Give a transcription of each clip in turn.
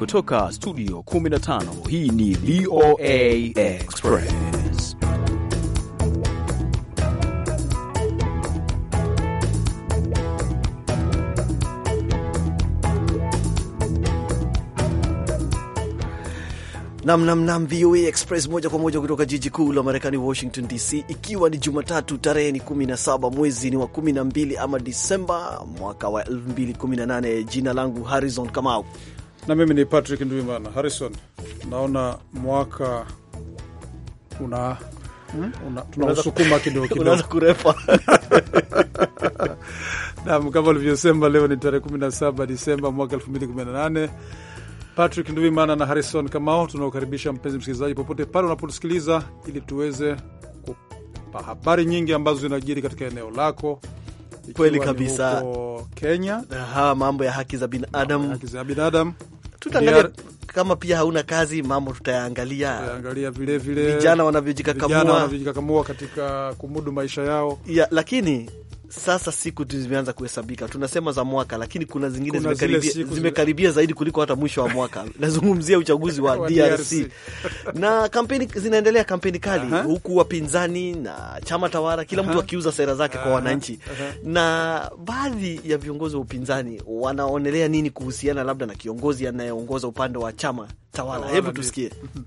kutoka studio 15 hii ni VOA Express. Namnamnam VOA Express moja kwa moja kutoka jiji kuu la Marekani, Washington DC, ikiwa ni Jumatatu tarehe ni 17 mwezi ni wa 12 ama Disemba mwaka wa 2018. Jina langu Harrison Kamau na mimi ni Patrick Ndwimana. Harrison, naona mwaka una tunausukuma kidogo kidogo kurepa nam kama ulivyosema, leo ni tarehe 17 Disemba mwaka 2018. Patrick Nduimana na Harrison Kamao tunaokaribisha mpenzi msikilizaji popote pale unapotusikiliza, ili tuweze kupa habari nyingi ambazo zinajiri katika eneo lako Kweli kabisa, Kenya. Aha, mambo ya haki za binadamu, haki za binadamu tutaangalia kama pia hauna kazi, mambo tutayaangalia, tutaangalia vile vile vijana wanavyojikakamua katika kumudu maisha yao ya, lakini sasa siku tu zimeanza kuhesabika, tunasema za mwaka, lakini kuna zingine kuna zimekaribia, siku, zimekaribia zaidi kuliko hata mwisho wa mwaka nazungumzia uchaguzi wa DRC na kampeni zinaendelea, kampeni kali uh -huh. huku wapinzani na chama tawala kila uh -huh. mtu akiuza sera zake uh -huh. kwa wananchi uh -huh. na baadhi ya viongozi wa upinzani wanaonelea nini kuhusiana labda na kiongozi anayeongoza upande wa chama tawala? Hebu tusikie mhm.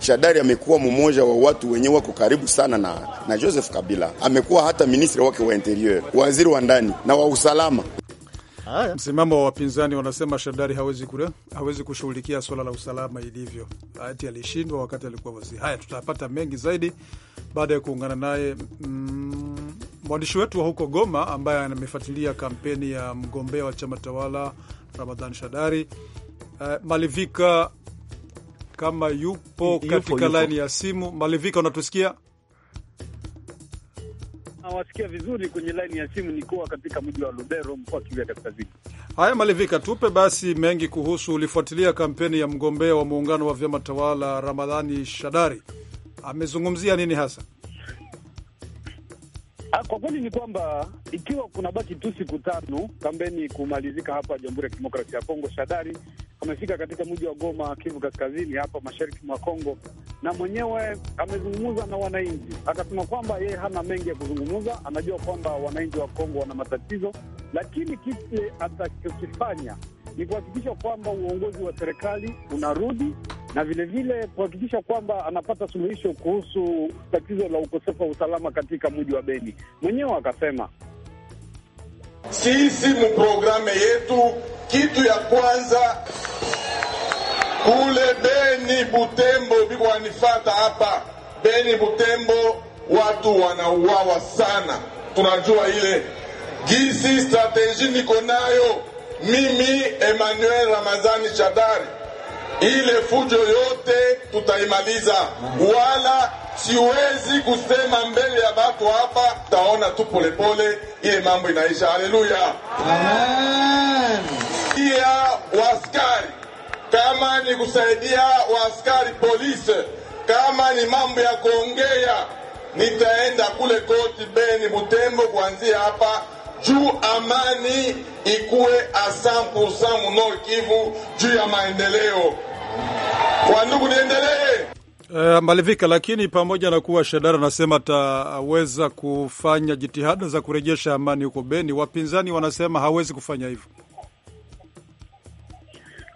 Shadari amekuwa mmoja wa watu wenye wako karibu sana na, na Joseph Kabila. Amekuwa hata ministri wake wa interior, waziri wa ndani na wa usalama. Msimamo wa wapinzani wanasema Shadari hawezi, kure, hawezi kushughulikia swala la usalama ilivyo. Ati alishindwa wakati alikuwa waziri. Haya, tutapata mengi zaidi baada ya kuungana naye mm, mwandishi wetu wa huko Goma ambaye amefuatilia kampeni ya mgombea wa chama tawala Ramadhan Shadari. Uh, Malivika kama yupo katika laini ya simu. Malivika, unatusikia? Nawasikia vizuri kwenye laini ya simu, nikuwa katika mji wa Lubero, mkoa wa Kivu Kaskazini. Haya Malivika, tupe basi mengi kuhusu, ulifuatilia kampeni ya mgombea wa muungano wa vyama tawala Ramadhani Shadari, amezungumzia nini hasa? Ah, kwa kweli ni kwamba ikiwa kuna baki tu siku tano kampeni kumalizika hapa Jamhuri ya Kidemokrasia ya Kongo, Shadari amefika katika mji wa Goma, Kivu Kaskazini, hapa mashariki mwa Kongo, na mwenyewe amezungumza na wananchi, akasema kwamba yeye hana mengi ya kuzungumza. Anajua kwamba wananchi wa Kongo wana matatizo, lakini kile atakachokifanya ni kuhakikisha kwamba uongozi wa serikali unarudi na vilevile kuhakikisha kwamba anapata suluhisho kuhusu tatizo la ukosefu wa usalama katika mji wa Beni. Mwenyewe akasema sisi muprograme yetu kitu ya kwanza kule Beni Butembo biko wanifata hapa Beni Butembo, watu wanauawa sana. Tunajua ile gisi strateji niko nayo mimi Emmanuel Ramazani Shadari, ile fujo yote tutaimaliza, wala Siwezi kusema mbele ya watu hapa, taona tu polepole, ile mambo inaisha. Haleluya, amen. Pia waskari, kama ni kusaidia waskari polisi, kama ni mambo ya kuongea, nitaenda kule koti Beni Butembo, kuanzia hapa juu amani ikuwe asampu samu Nord Kivu, juu ya maendeleo. Wandugu, niendelee Uh, Malivika, lakini pamoja na kuwa Shadara anasema ataweza kufanya jitihada za kurejesha amani huko Beni, wapinzani wanasema hawezi kufanya hivyo.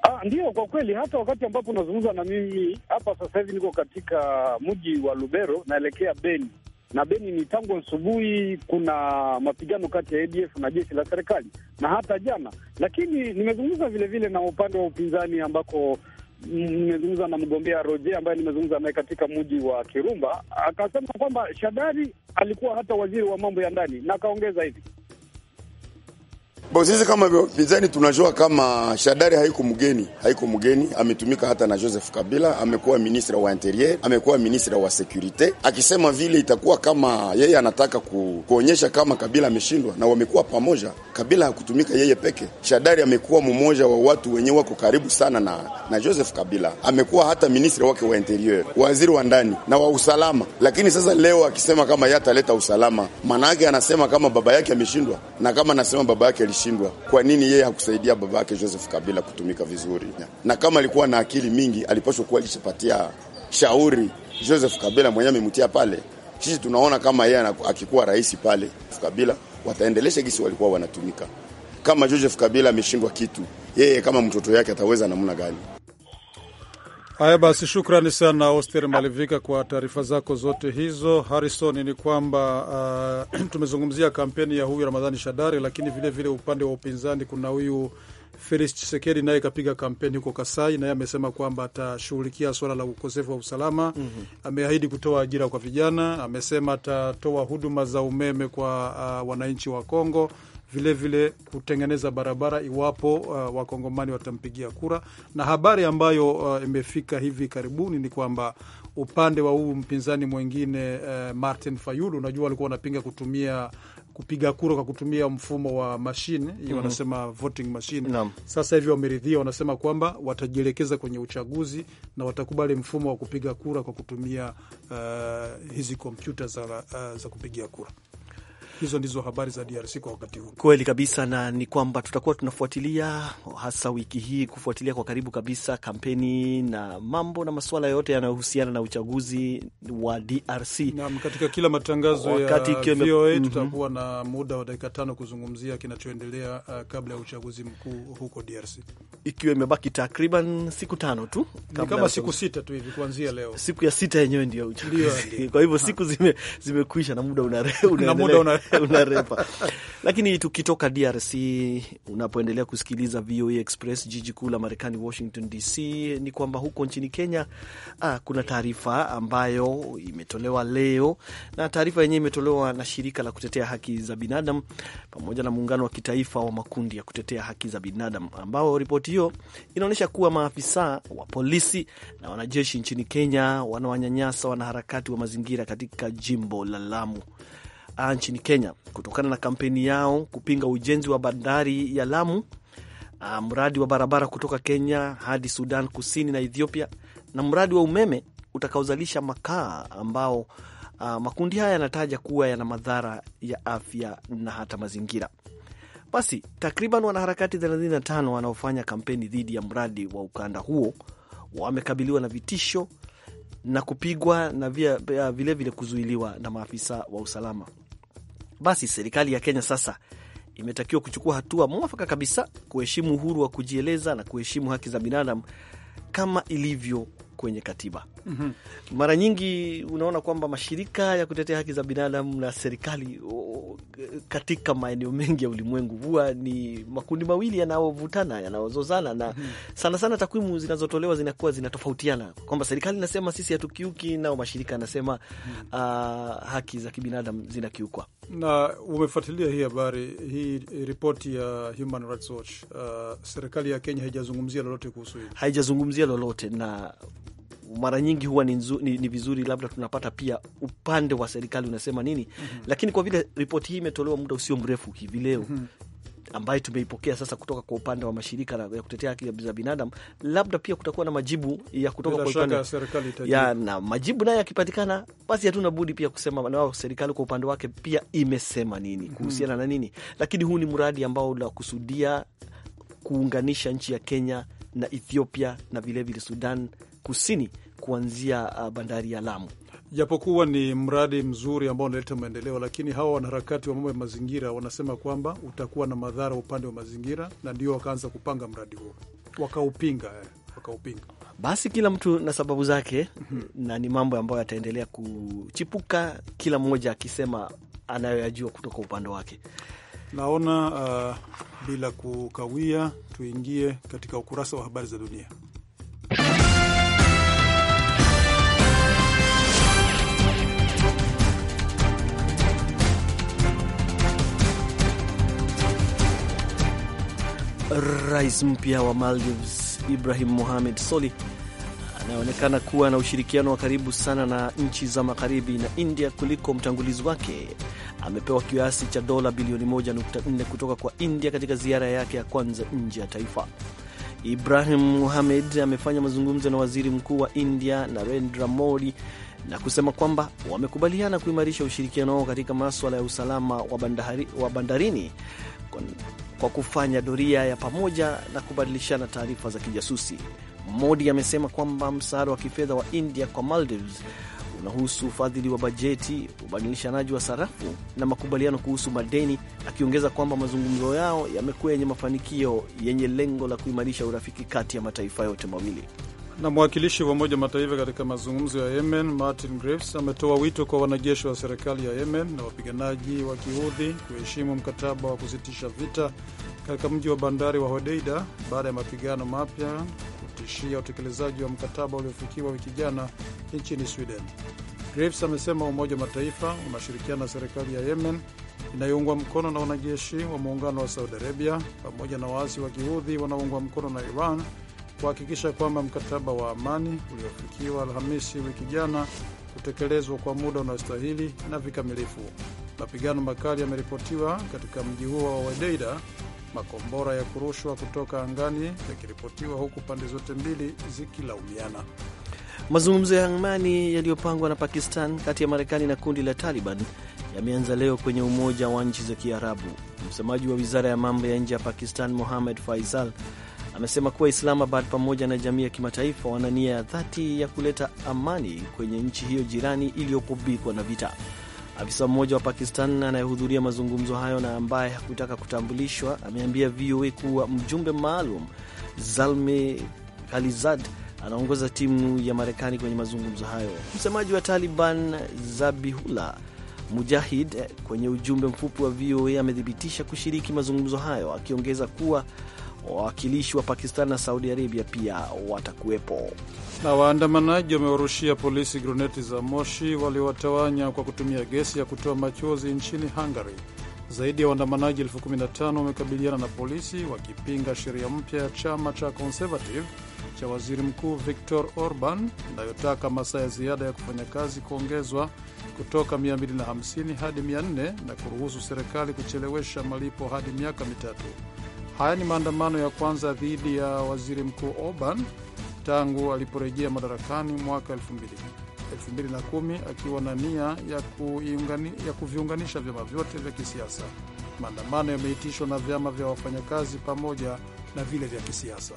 Ah, ndio kwa kweli, hata wakati ambapo unazungumza na mimi hapa sasa hivi niko katika mji wa Lubero naelekea Beni, na Beni ni tangu asubuhi kuna mapigano kati ya ADF na jeshi la serikali na hata jana, lakini nimezungumza vilevile na upande wa upinzani ambako nimezungumza na mgombea Roje ambaye nimezungumza naye katika mji wa Kirumba, akasema kwamba Shadari alikuwa hata waziri wa mambo ya ndani, na akaongeza hivi Bo, sisi kama pinzani tunajua kama Shadari haiko mgeni, haiko mgeni, ametumika hata na Joseph Kabila, amekuwa ministre wa interieur, amekuwa ministre wa securite. Akisema vile itakuwa kama yeye anataka ku, kuonyesha kama Kabila ameshindwa, na wamekuwa pamoja. Kabila hakutumika yeye peke. Shadari amekuwa mmoja wa watu wenye wako karibu sana na, na Joseph Kabila, amekuwa hata ministre wake wa interieur, waziri wa ndani na wa usalama. Lakini sasa leo akisema kama yataleta usalama, maana yake anasema kama baba yake ameshindwa, na kama anasema baba yake alishindwa ameshindwa, kwa nini yeye hakusaidia baba yake Joseph Kabila kutumika vizuri? Na kama alikuwa na akili mingi, alipaswa kuwa alishapatia shauri Joseph Kabila mwenyewe amemtia pale. Sisi tunaona kama yeye akikuwa rais pale Kabila wataendelesha gisi walikuwa wanatumika. Kama Joseph Kabila ameshindwa kitu, yeye kama mtoto yake ataweza namna gani? Haya basi, shukrani sana Oster Malivika kwa taarifa zako zote hizo. Harrison, ni kwamba uh, tumezungumzia kampeni ya huyu Ramadhani Shadari, lakini vilevile vile upande wa upinzani kuna huyu Felix Chisekedi naye kapiga kampeni huko Kasai, naye amesema kwamba atashughulikia swala la ukosefu wa usalama. mm -hmm. Ameahidi kutoa ajira kwa vijana, amesema atatoa huduma za umeme kwa uh, wananchi wa Kongo vilevile vile kutengeneza barabara iwapo uh, wakongomani watampigia kura. Na habari ambayo uh, imefika hivi karibuni ni kwamba upande wa huu mpinzani mwingine uh, Martin Fayulu, unajua walikuwa wanapinga kutumia kupiga kura kwa kutumia mfumo wa mashine hiyo, mm -hmm. wanasema voting machine no. Sasa hivi wameridhia, wanasema kwamba watajielekeza kwenye uchaguzi na watakubali mfumo wa kupiga kura kwa kutumia uh, hizi kompyuta za, uh, za kupigia kura. Hizo ndizo habari za DRC kwa wakati huu. Kweli kabisa, na ni kwamba tutakuwa tunafuatilia hasa wiki hii, kufuatilia kwa karibu kabisa kampeni na mambo na masuala yote yanayohusiana na uchaguzi wa DRC. Naam, katika kila matangazo wakati ya VOA mhm. tutakuwa mm -hmm. na muda wa dakika tano kuzungumzia kinachoendelea uh, kabla ya uchaguzi mkuu huko DRC, ikiwa imebaki takriban siku tano tu kama siku sita tu hivi kuanzia leo. Siku ya sita yenyewe ndio uchaguzi, kwa hivyo siku zimekwisha zime na muda una, una unarepa. Lakini tukitoka DRC, unapoendelea kusikiliza VOA e Express, jiji kuu la Marekani, Washington DC, ni kwamba huko nchini Kenya ah, kuna taarifa ambayo imetolewa leo, na taarifa yenyewe imetolewa na shirika la kutetea haki za binadamu pamoja na muungano wa kitaifa wa makundi ya kutetea haki za binadamu, ambao ripoti hiyo inaonyesha kuwa maafisa wa polisi na wanajeshi nchini Kenya wanawanyanyasa wanaharakati wa mazingira katika jimbo la Lamu. Uh, nchini Kenya kutokana na kampeni yao kupinga ujenzi wa bandari ya Lamu, uh, mradi wa barabara kutoka Kenya hadi Sudan Kusini na Ethiopia, na mradi wa umeme utakaozalisha makaa ambao Uh, makundi haya yanataja kuwa yana madhara ya afya na hata mazingira. Basi takriban wanaharakati 35 wanaofanya kampeni dhidi ya mradi wa ukanda huo wamekabiliwa na vitisho na kupigwa na vilevile kuzuiliwa na maafisa wa usalama basi serikali ya Kenya sasa imetakiwa kuchukua hatua mwafaka kabisa kuheshimu uhuru wa kujieleza na kuheshimu haki za binadamu kama ilivyo kwenye katiba. mm -hmm. Mara nyingi unaona kwamba mashirika ya kutetea haki za binadamu na serikali o, katika maeneo mengi ya ulimwengu huwa ni makundi mawili yanayovutana, yanayozozana na mm -hmm. sana sana takwimu zinazotolewa zinakuwa zinatofautiana kwamba serikali inasema sisi hatukiuki, nao mashirika yanasema mm -hmm. uh, haki za kibinadamu zinakiukwa. Na umefuatilia hii habari hii ripoti ya Human Rights Watch, uh, serikali ya Kenya haijazungumzia lolote kuhusu hili, haijazungumzia lolote na mara nyingi huwa ni, nzu, ni, ni vizuri labda tunapata pia upande wa serikali unasema nini. mm -hmm. Lakini kwa vile ripoti hii imetolewa muda usio mrefu hivi leo mm -hmm ambayo tumeipokea sasa kutoka kwa upande wa mashirika ya kutetea haki za binadamu, labda pia kutakuwa na majibu ya kutoka kwa upande ya serikali ya, na majibu nayo yakipatikana, basi hatuna budi pia kusema wao serikali kwa upande wake pia imesema nini mhm. kuhusiana na nini. Lakini huu ni mradi ambao unakusudia kuunganisha nchi ya Kenya na Ethiopia na vilevile Sudan Kusini kuanzia uh, bandari ya Lamu. Japokuwa ni mradi mzuri ambao unaleta maendeleo, lakini hawa wanaharakati wa mambo ya mazingira wanasema kwamba utakuwa na madhara upande wa mazingira, na ndio wakaanza kupanga mradi huo, wakaupinga eh, wakaupinga. Basi kila mtu na sababu zake mhm. na ni mambo ambayo yataendelea kuchipuka, kila mmoja akisema anayoyajua kutoka upande wake. Naona uh, bila kukawia tuingie katika ukurasa wa habari za dunia. Rais mpya wa Maldives Ibrahim Mohamed Soli anayeonekana kuwa na ushirikiano wa karibu sana na nchi za magharibi na India kuliko mtangulizi wake amepewa kiasi cha dola bilioni 1.4 kutoka kwa India katika ziara yake ya kwanza nje ya taifa. Ibrahim Mohamed amefanya mazungumzo na waziri mkuu wa India Narendra Modi na kusema kwamba wamekubaliana kuimarisha ushirikiano wao katika maswala ya usalama wa, bandari, wa bandarini kwa kufanya doria ya pamoja na kubadilishana taarifa za kijasusi. Modi amesema kwamba msaada wa kifedha wa India kwa Maldives unahusu ufadhili wa bajeti, ubadilishanaji wa sarafu na makubaliano kuhusu madeni, akiongeza kwamba mazungumzo yao yamekuwa yenye mafanikio yenye lengo la kuimarisha urafiki kati ya mataifa yote mawili. Na mwakilishi wa Umoja Mataifa katika mazungumzo ya Yemen, Martin Griffiths, ametoa wito kwa wanajeshi wa serikali ya Yemen na wapiganaji wa Kiudhi kuheshimu mkataba wa kusitisha vita katika mji wa bandari wa Hodeida baada ya mapigano mapya kutishia utekelezaji wa mkataba uliofikiwa wiki jana nchini Sweden. Griffiths amesema Umoja Mataifa unashirikiana na serikali ya Yemen inayoungwa mkono na wanajeshi wa muungano wa Saudi Arabia pamoja na waasi wa Kiudhi wanaoungwa mkono na Iran kuhakikisha kwamba mkataba wa amani uliofikiwa Alhamisi wiki jana kutekelezwa kwa muda unaostahili na vikamilifu. Mapigano makali yameripotiwa katika mji huo wa Wedeida, makombora ya kurushwa kutoka angani yakiripotiwa huku pande zote mbili zikilaumiana. Mazungumzo ya amani yaliyopangwa na Pakistan kati ya Marekani na kundi la Taliban yameanza leo kwenye Umoja wa Nchi za Kiarabu. Msemaji wa wizara ya mambo ya nje ya Pakistan, Mohamed Faisal, amesema kuwa Islamabad pamoja na jamii ya kimataifa wana nia ya dhati ya kuleta amani kwenye nchi hiyo jirani iliyokubikwa na vita. Afisa mmoja wa Pakistan anayehudhuria mazungumzo hayo na ambaye hakutaka kutambulishwa ameambia VOA kuwa mjumbe maalum Zalme Khalizad anaongoza timu ya Marekani kwenye mazungumzo hayo. Msemaji wa Taliban Zabihullah Mujahid eh, kwenye ujumbe mfupi wa VOA amethibitisha kushiriki mazungumzo hayo, akiongeza kuwa wawakilishi wa Pakistan na Saudi Arabia pia watakuwepo. Na waandamanaji wamewarushia polisi gruneti za moshi waliowatawanya kwa kutumia gesi ya kutoa machozi nchini Hungary. Zaidi ya waandamanaji elfu kumi na tano wamekabiliana na polisi wakipinga sheria mpya ya chama cha Conservative cha waziri mkuu Viktor Orban inayotaka masaa ya ziada ya kufanya kazi kuongezwa kutoka 250 hadi 400 na kuruhusu serikali kuchelewesha malipo hadi miaka mitatu. Haya ni maandamano ya kwanza dhidi ya waziri mkuu Orban tangu aliporejea madarakani mwaka 2010 akiwa na nia ya, ya kuviunganisha vyama vyote vya kisiasa. Maandamano yameitishwa na vyama vya wafanyakazi pamoja na vile vya kisiasa.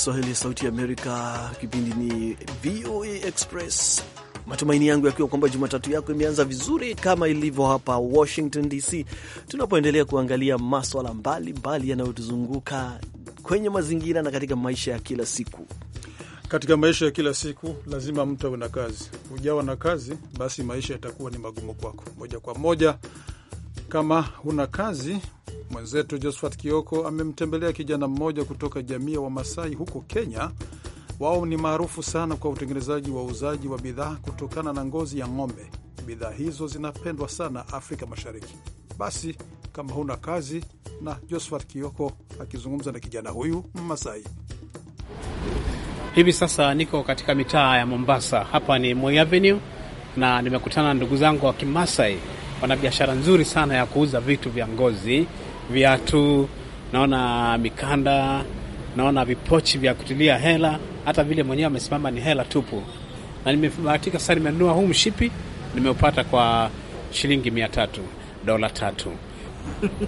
Kiswahili ya Sauti ya Amerika. Kipindi ni VOA Express. Matumaini yangu yakiwa kwamba Jumatatu yako imeanza vizuri kama ilivyo hapa Washington DC, tunapoendelea kuangalia maswala mbalimbali yanayotuzunguka kwenye mazingira na katika maisha ya kila siku. Katika maisha ya kila siku lazima mtu awe na kazi. Hujawa na kazi, basi maisha yatakuwa ni magumu kwako moja kwa moja kama huna kazi, mwenzetu Josphat Kioko amemtembelea kijana mmoja kutoka jamii ya Wamasai huko Kenya. Wao ni maarufu sana kwa utengenezaji wa uuzaji wa bidhaa kutokana na ngozi ya ng'ombe. Bidhaa hizo zinapendwa sana Afrika Mashariki. Basi kama huna kazi, na Josphat Kioko akizungumza na kijana huyu Mmasai. Hivi sasa niko katika mitaa ya Mombasa, hapa ni Moi Avenue, na nimekutana na ndugu zangu wa Kimasai wana biashara nzuri sana ya kuuza vitu vya ngozi, viatu, naona mikanda, naona vipochi vya kutilia hela, hata vile mwenyewe amesimama ni hela tupu. Na nimebahatika sasa, nimenunua huu mshipi, nimeupata kwa shilingi mia tatu, dola tatu.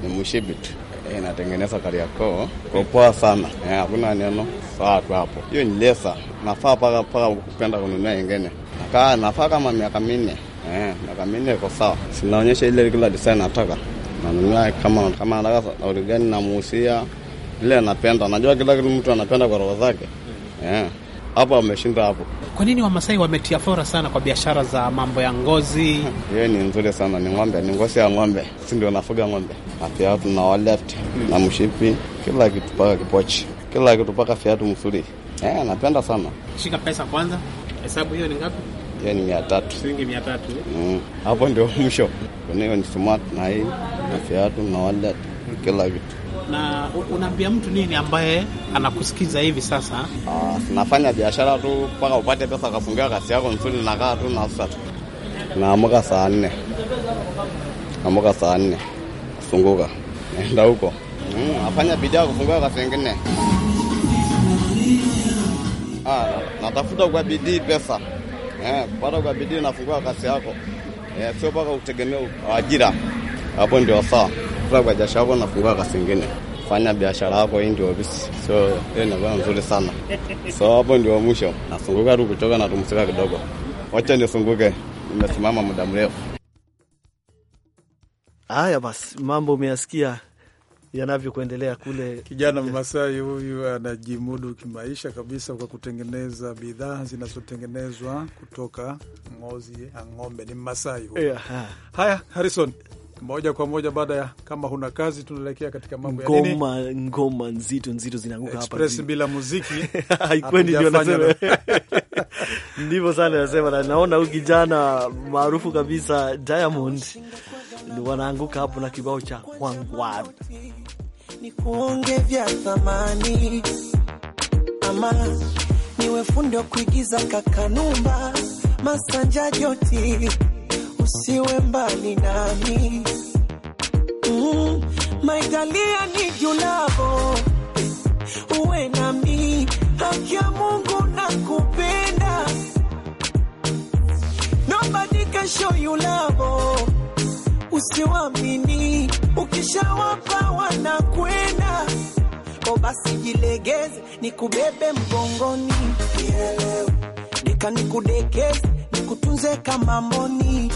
Ni mshipi tu eh, inatengeneza e, Kariakoo kwa poa sana, eh, hakuna e, neno sawa tu hapo. Hiyo ni lesa nafaa paka paka kupenda kununua ingine, nakaa nafaa kama miaka minne eh, miaka minne iko sawa, sinaonyesha ile kila design nataka nanunua, kama kama nataka na namuhusia ile anapenda, najua kila kitu mtu anapenda kwa roho zake eh. Hapo ameshinda hapo. Kwa nini Wamasai wametia fora sana kwa biashara za mambo ya ngozi? Yeye ni nzuri sana, ni ng'ombe, ni ngozi ya ng'ombe, si ndio nafuga ng'ombe na viatu na wallet na mshipi, kila kitu paka kipochi, kila kitu paka viatu mzuri. eh, napenda sana. Shika pesa kwanza, hesabu hiyo ni ngapi? hiyo ni mia tatu shilingi mia tatu mm. Hapo ndio mwisho, hiyo ni smart na hii na viatu na wallet kila kitu. Na unaambia mtu nini ambaye anakusikiza hivi sasa? Ah, nafanya biashara tu mpaka upate pesa kafungia kasi yako nzuri, nakaa tu na sasa naamuka saa nne naamuka saa nne kusunguka naenda huko mm, nafanya bidii ya kufungua kasi nyingine. Ah, natafuta kwa bidii pesa eh, kupata kwa bidii nafungua kasi yako eh, sio mpaka utegemea ajira. Hapo ndio saa sasa kwa jasho yako nafungua kasi nyingine fanya biashara yako, hii ndio ofisi. So hiyo inakuwa nzuri sana. So hapo ndio mwisho, nasunguka tu kutoka na tumsika kidogo, wacha nisunguke, nimesimama muda mrefu. Haya basi, mambo umeyasikia yanavyokuendelea kule. Kijana Mmasai huyu anajimudu kimaisha kabisa kwa kutengeneza bidhaa zinazotengenezwa kutoka ngozi ya ng'ombe. Ni Mmasai huyu yeah. Haya, Harrison, moja kwa moja baada ya kama huna kazi, tunaelekea katika mambo ya nini? Ngoma ngoma nzito nzito zinaanguka hapa Express bila muziki haikwendi, ndio nasema ndivyo sana nasema, na naona huyu kijana maarufu kabisa Diamond wanaanguka hapo na kibao cha wangwari kuonge vya thamani ama niwe fundi wa kuigiza Kakanumba Masanja Joti, usiwe mbali nami mm, maitalia ni julavo uwe nami, haki ya Mungu na kupenda nobody can show you love usiwamini, ukishawapa wanakwenda. O oh, basi jilegeze, nikubebe mgongoni, deka nikudekeze, nikutunze kama mboni,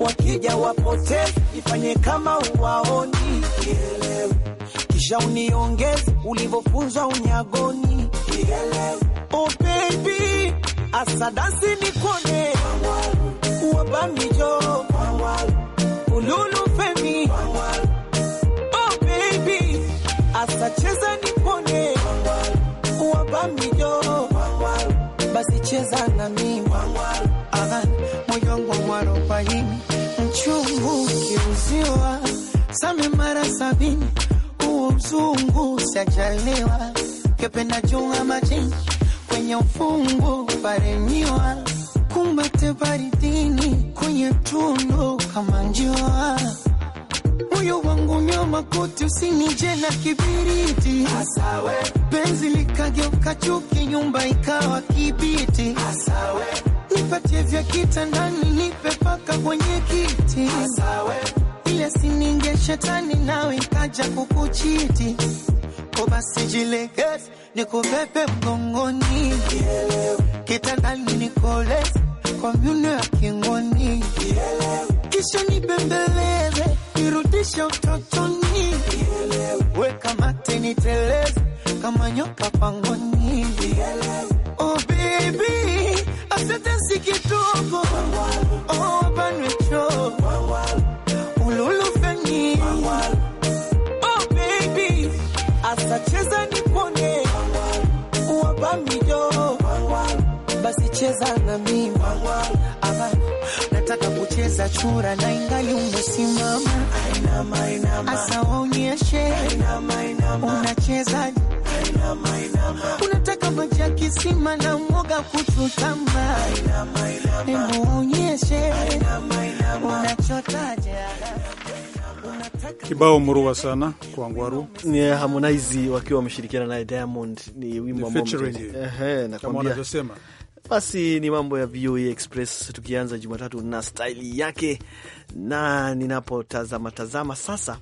wakija wapoteze, ifanye kama uwaoni, kisha uniongeze ulivyofunzwa unyagoni. Oh baby, asadasi nikone wabamijo Bululu Femi, oh baby, asa cheza nipone, wabamijo basi cheza na mimi moyongo mwarobaini mchungu kiuziwa same mara sabini uo mzungu siajaliwa kependa junga majini kwenye ufungu parenyiwa kumbate baridini Nifanye tundo kama njua moyo wangu nyoma koti, usinije na kibiriti, penzi likageuka chuki, nyumba ikawa kibiti, nipatie vya kitandani, nipe paka kwenye kiti, ile sininge shetani, nawe kaja kukuchiti basi jilegeze, nikubebe mgongoni, kitandani nikoleze kwa miono ya kingoni, kisha nibembeleze, nirudishe utotoni, weka mate niteleze kama nyoka pangoni. Oh baby, asante si oh, kucheza na mimi ama nataka kucheza chura na ingali umesimama, asa waonyeshe unacheza, unataka maji ya kisima na mwoga kuchutama, hebu waonyeshe unachotaja Kibao murua sana kwa ngwaru ni yeah, Harmonize wakiwa wameshirikiana naye Diamond, ni wimbo ambao ehe, na nakwambia basi ni mambo ya VOA Express, tukianza Jumatatu na staili yake, na ninapotazama tazama sasa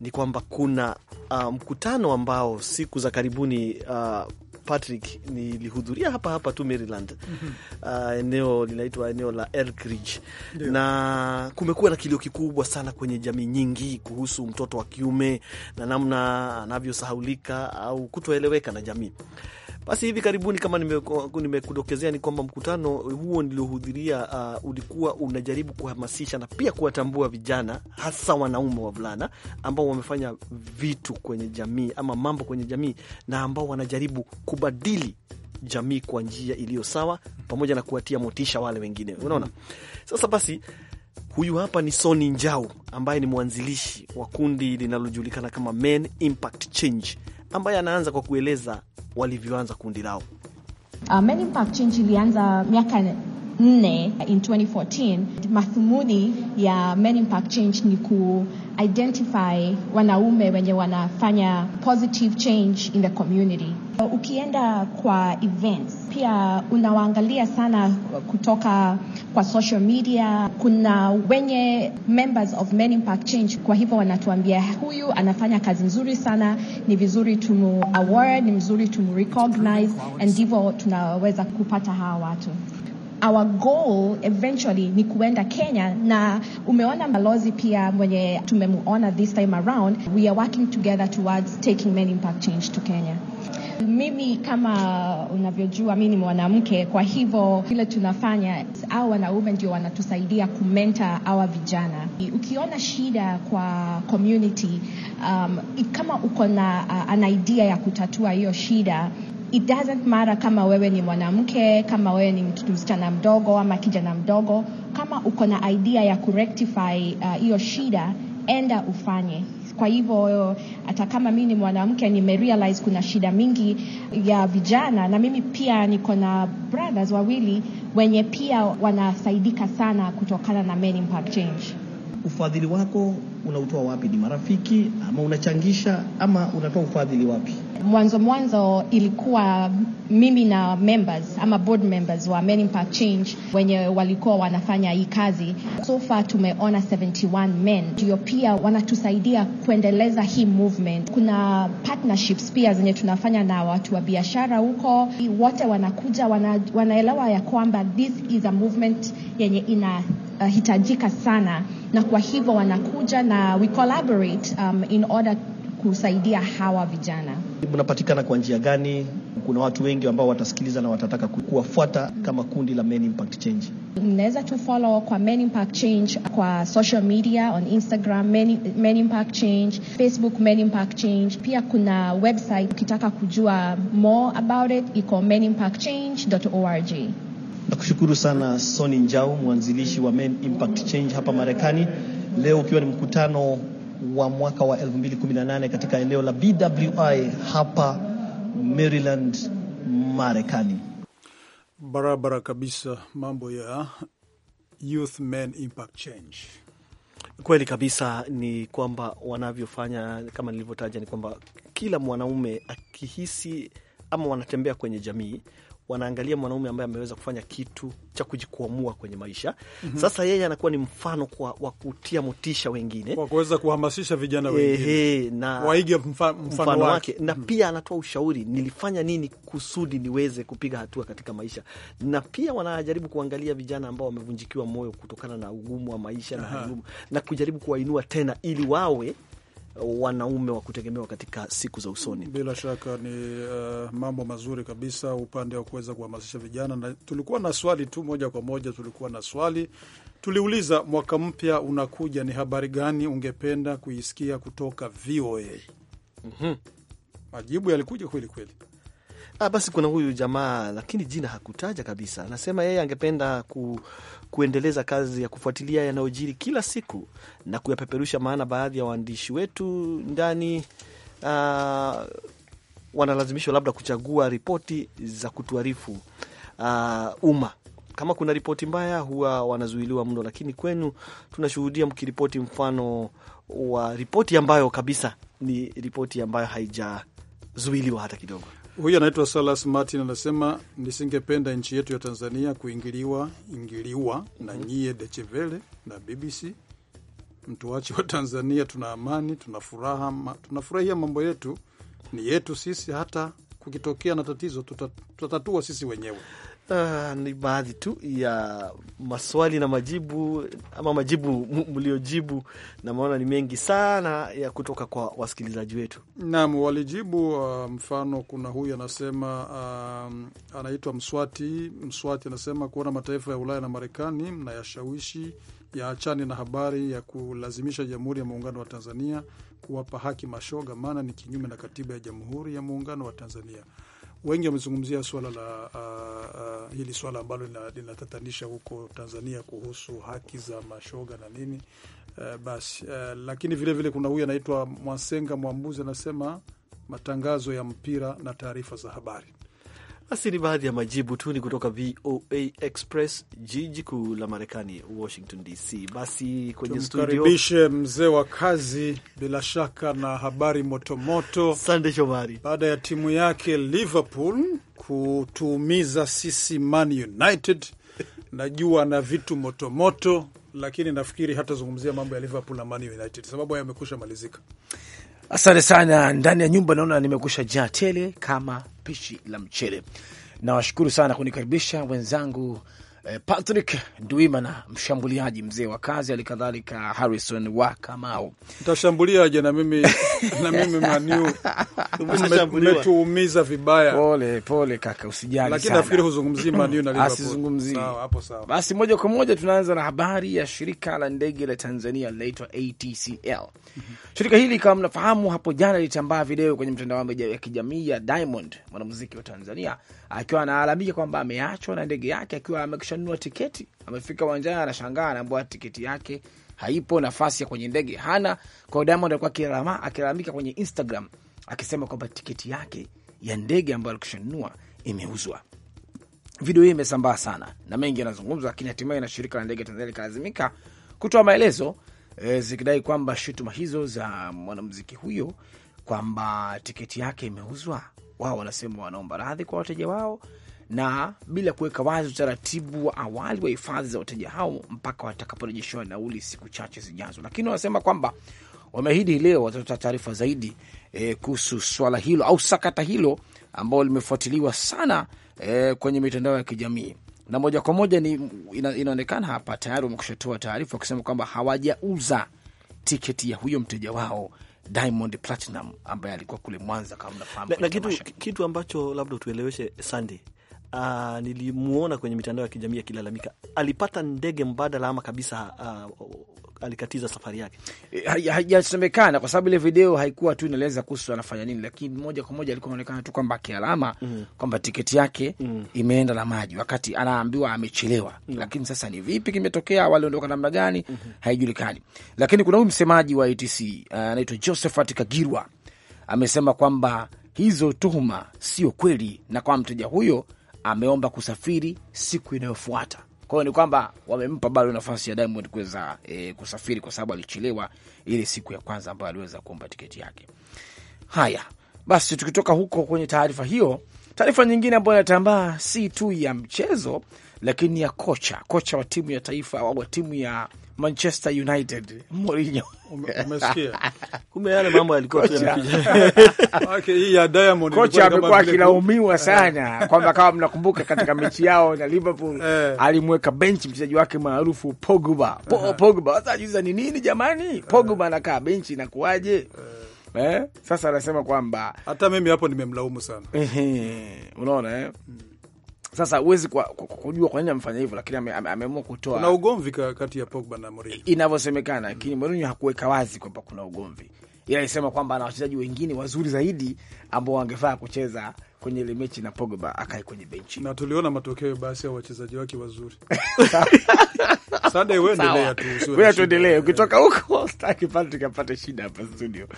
ni kwamba kuna uh, mkutano ambao siku za karibuni uh, Patrick nilihudhuria hapa hapa tu Maryland mm -hmm. uh, eneo linaitwa eneo la Elkridge Na kumekuwa na kilio kikubwa sana kwenye jamii nyingi kuhusu mtoto wa kiume na namna anavyosahaulika au kutoeleweka na jamii basi hivi karibuni kama nimekudokezea ni kwamba mkutano huo niliohudhuria uh, ulikuwa unajaribu kuhamasisha na pia kuwatambua vijana hasa wanaume wa vulana ambao wamefanya vitu kwenye jamii ama mambo kwenye jamii na ambao wanajaribu kubadili jamii kwa njia iliyo sawa, pamoja na kuwatia motisha wale wengine. Unaona, sasa basi Huyu hapa ni Soni Njau ambaye ni mwanzilishi wa kundi linalojulikana kama Men Impact Change, ambaye anaanza kwa kueleza walivyoanza kundi lao. Uh, Impact Change ilianza miaka nne in 2014. mathumuni ya Men Impact Change ni ku identify wanaume wenye wanafanya positive change in the community Uh, ukienda kwa events pia unawaangalia sana kutoka kwa social media. Kuna wenye members of Men Impact Change, kwa hivyo wanatuambia huyu anafanya kazi nzuri sana, ni vizuri tumu award, ni vizuri tumu recognize, and ndivyo tunaweza kupata hawa watu. Our goal eventually ni kuenda Kenya, na umeona balozi pia mwenye tumemuona this time around, we are working together towards taking Men Impact Change to Kenya. Mimi kama unavyojua, mi ni mwanamke, kwa hivyo vile tunafanya au wanaume ndio wanatusaidia kumenta awa vijana. Ukiona shida kwa community, um, kama uko na uh, an idea ya kutatua hiyo shida It doesn't matter kama wewe ni mwanamke, kama wewe ni msichana mdogo ama kijana mdogo, kama uko na idea ya kurectify uh, hiyo uh, shida, enda ufanye. Kwa hivyo hata kama mi ni mwanamke, nimerealize kuna shida mingi ya vijana, na mimi pia niko na brothers wawili wenye pia wanasaidika sana kutokana na Men Impact Change ufadhili wako unautoa wapi? Ni marafiki ama unachangisha ama unatoa ufadhili wapi? Mwanzo mwanzo ilikuwa mimi na members ama board members wa Men Impact Change wenye walikuwa wanafanya hii kazi. So far tumeona 71 men ndio pia wanatusaidia kuendeleza hii movement. Kuna partnerships pia zenye tunafanya na watu wa biashara huko, wote wanakuja wana, wanaelewa ya kwamba this is a movement yenye ina hitajika uh, sana, na kwa hivyo wanakuja na we collaborate um, in order kusaidia hawa vijana. Mnapatikana kwa njia gani? Kuna watu wengi ambao watasikiliza na watataka kuwafuata kama kundi la Men Impact Change. Mnaweza tu follow kwa Men Impact Change kwa social media on Instagram Men, Men Impact Change, Facebook Men Impact Change. Pia kuna website ukitaka kujua more about it iko menimpactchange.org. Nakushukuru sana Soni Njau, mwanzilishi wa Main Impact Change hapa Marekani. Leo ukiwa ni mkutano wa mwaka wa 2018 katika eneo la BWI hapa Maryland, Marekani. Barabara kabisa, mambo ya Youth Men Impact Change. Kweli kabisa, ni kwamba wanavyofanya kama nilivyotaja, ni kwamba kila mwanaume akihisi ama wanatembea kwenye jamii wanaangalia mwanaume ambaye ameweza kufanya kitu cha kujikwamua kwenye maisha mm -hmm. Sasa yeye anakuwa ni mfano kwa wa kutia motisha wengine kwa kuweza kuhamasisha vijana wengine na waige mfa, mfano wake na mm -hmm. Pia anatoa ushauri, nilifanya nini kusudi niweze kupiga hatua katika maisha, na pia wanajaribu kuangalia vijana ambao wamevunjikiwa moyo kutokana na ugumu wa maisha na na kujaribu kuwainua tena ili wawe wanaume wa kutegemewa katika siku za usoni. Bila shaka ni uh, mambo mazuri kabisa upande wa kuweza kuhamasisha vijana, na tulikuwa na swali tu moja kwa moja, tulikuwa na swali tuliuliza, mwaka mpya unakuja, ni habari gani ungependa kuisikia kutoka VOA? mm -hmm. Majibu yalikuja kweli kweli. Ah, basi kuna huyu jamaa lakini jina hakutaja kabisa, anasema yeye angependa ku, kuendeleza kazi ya kufuatilia yanayojiri kila siku na kuyapeperusha, maana baadhi ya waandishi wetu ndani uh, wanalazimishwa labda kuchagua ripoti za kutuarifu ah, umma kama kuna ripoti mbaya huwa wanazuiliwa mno, lakini kwenu tunashuhudia mkiripoti mfano wa ripoti ambayo kabisa ni ripoti ambayo haijazuiliwa hata kidogo. Huyu anaitwa Salas Martin anasema, nisingependa nchi yetu ya Tanzania kuingiliwa ingiliwa na mhm. nyie Dechevele na BBC. Mtuache wa Tanzania, tuna amani, tuna furaha ma, tunafurahia mambo yetu, ni yetu sisi. Hata kukitokea na tatizo tutatatua sisi wenyewe. Uh, ni baadhi tu ya maswali na majibu ama majibu mliojibu, na maona ni mengi sana ya kutoka kwa wasikilizaji wetu. Naam, walijibu uh, mfano kuna huyu anasema uh, anaitwa Mswati. Mswati anasema kuona mataifa ya Ulaya na Marekani na yashawishi yaachane na habari ya kulazimisha Jamhuri ya Muungano wa Tanzania kuwapa haki mashoga, maana ni kinyume na katiba ya Jamhuri ya Muungano wa Tanzania wengi wamezungumzia swala la uh, uh, hili swala ambalo linatatanisha huko Tanzania kuhusu haki za mashoga na nini uh, basi uh, lakini vilevile vile kuna huyu anaitwa Mwasenga Mwambuzi anasema matangazo ya mpira na taarifa za habari basi ni baadhi ya majibu tu ni kutoka VOA Express, jiji kuu la Marekani, Washington DC. Basi kwenye studio tumkaribishe mzee wa kazi, bila shaka na habari motomoto, Sande Shomari, baada ya timu yake Liverpool kutuumiza sisi Man United. Najua na vitu motomoto, lakini nafikiri hatazungumzia mambo ya Liverpool na Man United sababu hayo yamekusha malizika. Asante sana. Ndani ya nyumba naona nimekusha jaa tele kama pishi la mchele. Nawashukuru sana kunikaribisha wenzangu Eh, Patrick Ndwimana, mshambuliaji mzee wa kazi, halikadhalika Harrison wa Kamau. Utashambuliaje na mimi na mimi Manu umetuumiza vibaya. Pole pole kaka, usijali lakini nafikiri Manu na asizungumzii. Hapo sawa, basi moja kwa moja tunaanza na habari ya shirika la ndege la Tanzania linaitwa ATCL. Mhm. Shirika hili kama mnafahamu, hapo jana litambaa video kwenye mtandao wa kijamii ya Diamond, mwanamuziki wa Tanzania, akiwa anaalamika kwamba ameachwa na ndege yake akiwa ameshanunua tiketi, amefika uwanjani, anashangaa, anaambiwa tiketi yake haipo, nafasi ya kwenye ndege hana. Kwa hiyo Diamond alikuwa akilalamika kwenye Instagram akisema kwamba tiketi yake ya ndege ambayo alikushanunua imeuzwa. Video hii imesambaa sana na mengi yanazungumzwa, lakini hatimaye na shirika la ndege Tanzania likalazimika kutoa maelezo e, zikidai kwamba shutuma hizo za mwanamuziki huyo kwamba tiketi yake imeuzwa, wao wanasema wanaomba radhi kwa wateja wao na bila kuweka wazi utaratibu wa awali wa hifadhi za wateja hao mpaka watakaporejeshewa nauli siku chache zijazo. Lakini wanasema kwamba wameahidi leo watatoa taarifa zaidi e, kuhusu swala hilo au sakata hilo ambao limefuatiliwa sana e, kwenye mitandao ya kijamii na moja kwa moja ni ina, inaonekana hapa tayari wamekushatoa taarifa wakisema kwamba hawajauza tiketi ya huyo mteja wao Diamond Platinum ambaye alikuwa kule Mwanza kama mnafahamu. Na kitu, kitu ambacho labda tueleweshe Sandy uh, ah, nilimwona kwenye mitandao ya kijamii akilalamika, alipata ndege mbadala ama kabisa uh, alikatiza safari yake. Eh, haijasemekana kwa sababu ile video haikuwa tu inaeleza kuhusu anafanya nini, lakini moja kwa moja alikuwa anaonekana tu kwamba akialama mm. kwamba tiketi yake mm. imeenda na maji, wakati anaambiwa amechelewa mm. lakini sasa ni vipi kimetokea, waliondoka namna gani? mm -hmm. Haijulikani, lakini kuna huyu msemaji wa ATC ah, anaitwa uh, Josephat Kagirwa amesema kwamba hizo tuhuma sio kweli na kwa mteja huyo ameomba kusafiri siku inayofuata. Kwa hiyo ni kwamba wamempa bado nafasi ya Diamond kuweza e, kusafiri kwa sababu alichelewa ile siku ya kwanza ambayo aliweza kuomba tiketi yake. Haya basi, tukitoka huko kwenye taarifa hiyo, taarifa nyingine ambayo inatambaa si tu ya mchezo, lakini ya kocha kocha wa timu ya taifa au wa timu ya Manchester United Mourinho. Umesikia? Kocha amekuwa akilaumiwa eh. sana kwamba kama mnakumbuka katika mechi yao na Liverpool eh. alimweka benchi mchezaji wake maarufu Pogba. Po, uh eh. -huh. Pogba. Sasa ajuza ni nini jamani? Pogba anakaa benchi inakuwaje? Eh? Sasa anasema kwamba hata mimi hapo nimemlaumu sana. Unaona eh? Mm. Sasa huwezi kujua kwa nini amefanya hivyo, lakini ameamua kutoa. Kuna ugomvi kati ya Pogba na Mourinho inavyosemekana, lakini Mourinho hakuweka wazi kwamba kuna ugomvi, ila alisema kwamba ana wachezaji wengine wazuri zaidi ambao wangefaa kucheza kwenye ile mechi na Pogba akae kwenye benchi, na tuliona matokeo basi ya wachezaji wake wazuri. Tuendelee, ukitoka huko staki pale tukapata shida hapa studio.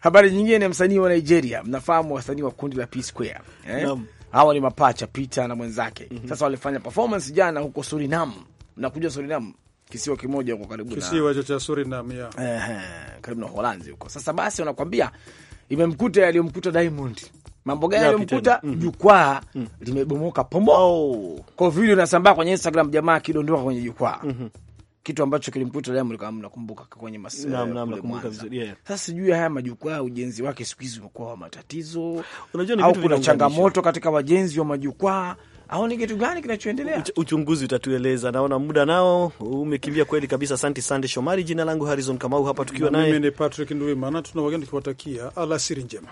Habari nyingine, msanii wa Nigeria, mnafahamu wasanii wa kundi la P Square eh? hawa ni mapacha Peter na mwenzake mm -hmm. Sasa walifanya performance jana huko Surinam, nakuja Surinam kisiwa kimoja huko karibu na kisiwa cha Surinam ya eh, karibu na Holanzi huko. Sasa basi wanakwambia imemkuta yaliyomkuta Diamond mambo gani yaliyomkuta? mm -hmm. Jukwaa mm -hmm. limebomoka pomo. oh. Kwa video inasambaa kwenye Instagram, jamaa akidondoka kwenye jukwaa mm -hmm kitu ambacho kilimkuta Diamond kama mnakumbuka kwenye eh, Sasa sijui haya majukwaa ujenzi wake siku hizi umekuwa wa matatizo, unajua au kuna changamoto katika wajenzi wa majukwaa au ni kitu gani kinachoendelea? Uchunguzi utatueleza. Naona muda nao umekimbia kweli kabisa. Asante Sande Shomari, jina langu Harrison Kamau, hapa tukiwa naye mimi ni Patrick tukiwatakia alasiri njema.